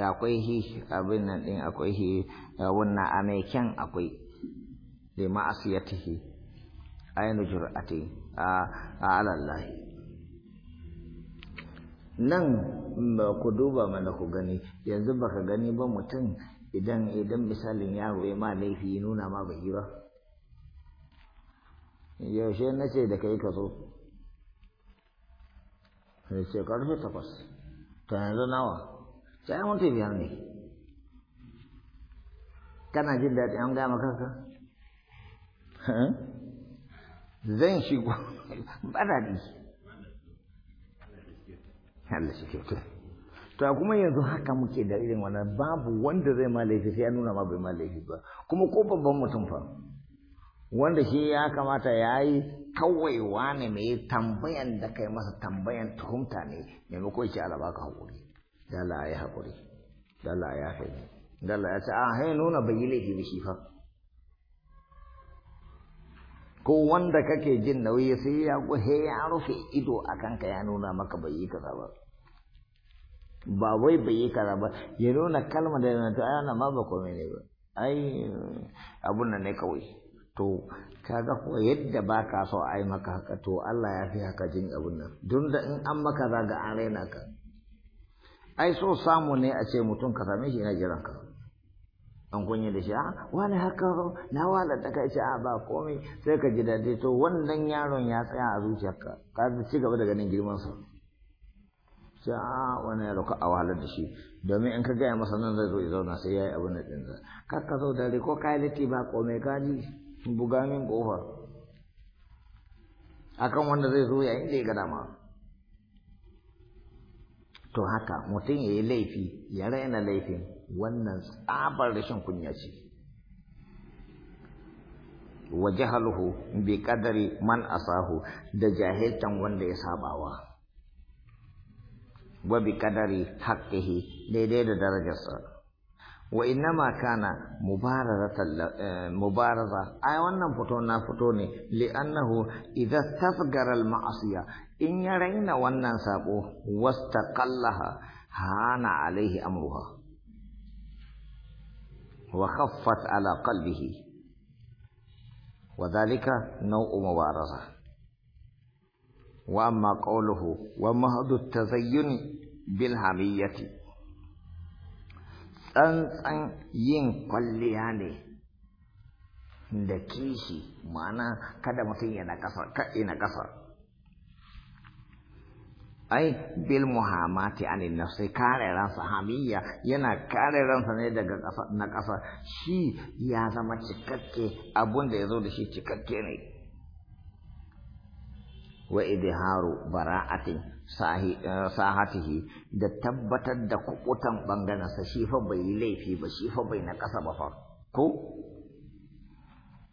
akwai hi abin nan din akwai hi wannan a mai kyan akwai da ma'asiyatihi ainu jur'ati a alallahi nan ba ku duba mana ku gani yanzu baka gani ba mutum idan idan misalin yaro ya ma laifi nuna ma bai yi ba yaushe na ce da kai ka zo sai ce karfe takwas Ta yanzu nawa sai mutu biyar ne kana jin daɗi an gama kanka zan shigo baradi Allah shi kyautu to kuma yanzu haka muke da irin wannan babu wanda zai ma laifi sai ya nuna ma bai ma laifi ba kuma ko babban mutum fa wanda shi ya kamata ya yi kawai ne mai tambayan da kai masa tambayan tuhumta ne maimakon ce alaba ka haƙuri dala ya haƙuri dala ya haini dala ya ce a hai nuna bai yi laifi shi fa ko wanda kake jin nauyi sai ya he ya rufe ido a kanka ya nuna maka bai yi kaza ba ba wai bai yi kaza ba ya nuna kalma da yana ta ayana ma ba komai ne ba ai abun nan ne kawai to kaga ko yadda ba ka so a yi maka haka to Allah ya fi haka jin abun nan don da in an maka za ga an raina ka ai so samu ne a ce mutum ka same shi na jiran ka an kunye da shi a ah, wani haka na wala da kai shi a ah, ba komai sai ka ji daɗi to wannan yaron ya tsaya a zuciyarka ka ci gaba da ganin girman sa sai a ah, wani yaro ka awalar da shi domin in ka gaya masa nan zai zo ya zauna sai ya yi abin da ɗin ka zo dare ko kayi liti ba komai ka ji buga min kofa akan wanda zai zo yayin da ya gada ma to haka mutum ya yi laifi ya raina laifin wannan tsabar rashin kunya ce wa jahaluhu bi kadari man asahu da jahiltan wanda ya sabawa wa bi kadari haqqihi daidai da darajarsa وإنما كان مبارزة آه، مبارزة أي وانا فتونا فتوني لأنه إذا استصغر المعصية إن يرين وانا سابو واستقلها هان عليه أمرها وخفت على قلبه وذلك نوع مبارزة وأما قوله ومهد التزين بالحمية tsantsan yin kwalliya ne da kishi ma'ana kada mutum yana ƙasa na ƙasa ai bil muhammati an nafsi kare ransa hamiya yana kare ransa ne daga ƙasa na ƙasa shi ya zama cikakke abun da ya zo da shi cikakke ne wa idharu bara'atin Eh, sahatihi da tabbatar da kuɓutan ɓangarensa shi fa bai yi laifi ba shi fa bai na ƙasa ba fa ko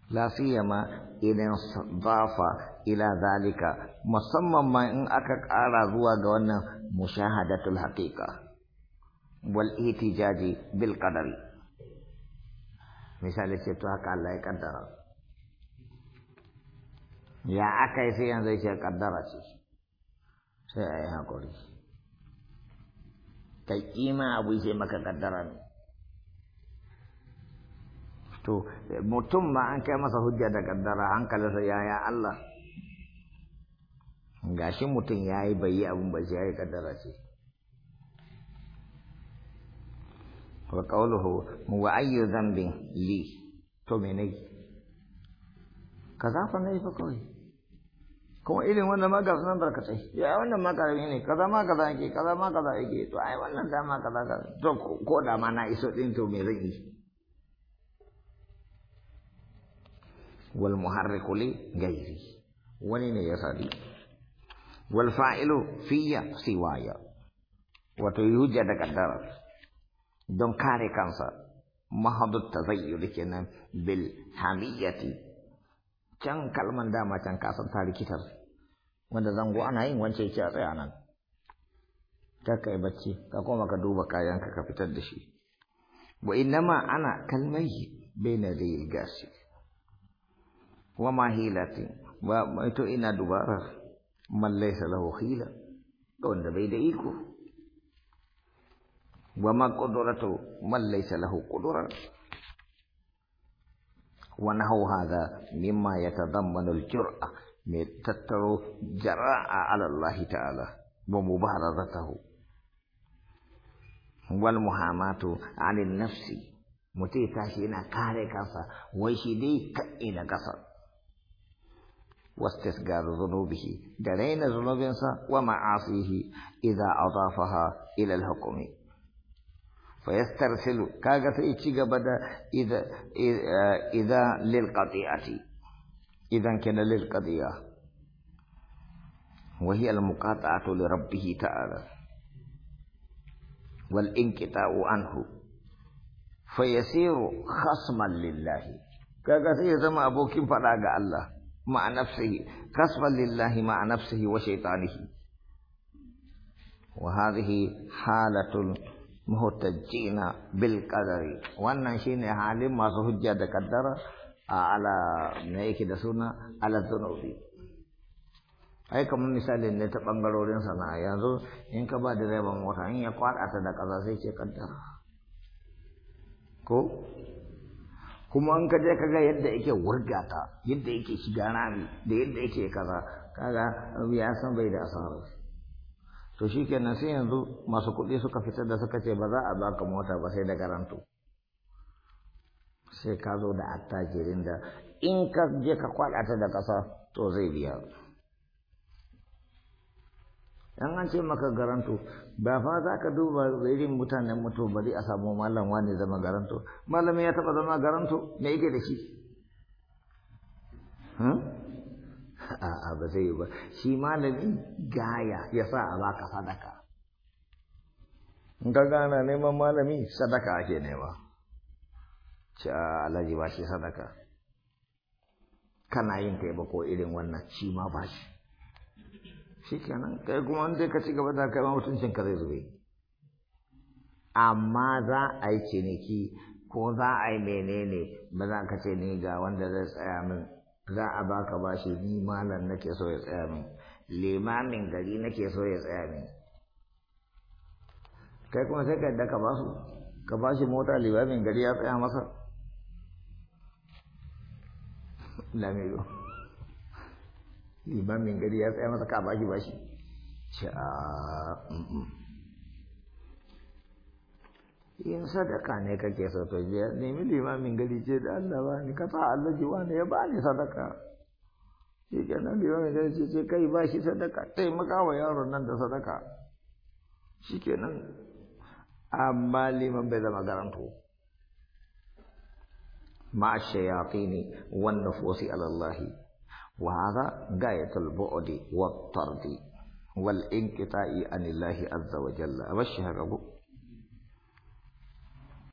lafiya ma idan zafa ila zalika musamman ma in aka ƙara zuwa ga wannan mushahadatul haqiqa wal itijaji bil qadari misali ce to haka Allah ya kaddara ya aka yi sai yanzu ya kaddara ce sai a yi haƙuri kai kima abu sai maka kaddara ne to mutum ma an kai masa hujja da kaddara hankalinsa yaya Allah gashi mutum ya yi bayi abin ba sai ya yi kaddara ce wa mu wa ayyu zambin li to me ne kaza fa ne fa kawai kuma irin wannan ma ga sunan barkatai ya wannan ma karami ne kaza ma kaza yake kaza ma kaza yake to ai wannan dama kaza to ko da ma na iso din to me zan yi wal muharriku li gairi wani ne ya sadi wal fa'ilu fiya siwaya wato yuja da kaddara don kare kansa mahadut tazayyul kenan bil hamiyati can kalman dama can kasan ta rikitar wanda zango ana yin wance yake a tsaya nan kar ka yi bacci ka koma ka duba kayanka ka fitar da shi wa innama ana kalmai baina rayil gasi wa ma hilati wa to ina dubara man laysa lahu hila wanda bai da iko wa ma qudratu man laysa lahu ونحو هذا مما يتضمن الجرأة من تتر جراء على الله تعالى ومبارزته والمحاماة عن النفس متيتا شينا كاري كاسا ويشيدي كاينا كاسا واستسقال ذنوبه درين ذنوبنسا ومعاصيه إذا أضافها إلى الحكم فيسترسل كاغا سيتشيغا بدا إذا, إذا للقضية إذا كان للقضية وهي المقاطعة لربه تعالى والانقطاع عنه فيصير خصما لله كاغا سيزم ابوك فلاغا الله مع نفسه خصما لله مع نفسه وشيطانه وهذه حالة muhtajina bil qadari wannan shine halin masu hujja da kaddara ala me yake da suna ala zunubi ai kamar misalin ne ta bangarorin sana'a yanzu in ka ba direban mota in ya kwada ta da kaza sai ce kaddara ko kuma an ka je ka ga yadda yake wurga ta yadda yake shiga rami da yadda yake kaza kaga ya san bai da asara to shi kenan sai yanzu masu kuɗi suka fita da suka ce ba za a baka mota ba sai da garantu sai ka zo da attajirin da in ka je ka kwaɗata da ƙasa to zai biya yan an ce maka garanto ba fa za ka duba irin mutanen mutu bari a samu malam wani zama garanto malamin ya taɓa zama garanto me yake da shi hmm? a'a ba zai ba shi malami gaya ya sa a baka sadaka in ka gana neman malami sadaka ake nema ci alhaji ba shi sadaka kana yin kai ba ko irin wannan shi ma ba shi shi kenan kai kuma wanda ka ci gaba da kai ma mutuncin ka zai zube amma za a yi ciniki ko za a yi menene ba za ka ce ni ga wanda zai tsaya min za a baka bashi ni malam nake so ya tsaya min limamin gari nake so ya tsaya min kai kuma sai ka yadda ka basu ka bashi mota limamin gari ya tsaya masa lamido limamin gari ya tsaya masa ka bashi bashi -mm. in sadaka ne kake so to je nemi limamin gari je da Allah ba ni ka sa Allah ji wani ya ba ni sadaka shi kenan limamin gari ce ce kai ba shi sadaka tai maka wa yaro nan da sadaka shi kenan amma liman bai zama garanto ma shayatini wan nufusi ala Allah wa hadha gayatul bu'di wat tardi wal inqita'i anillahi azza wa jalla wa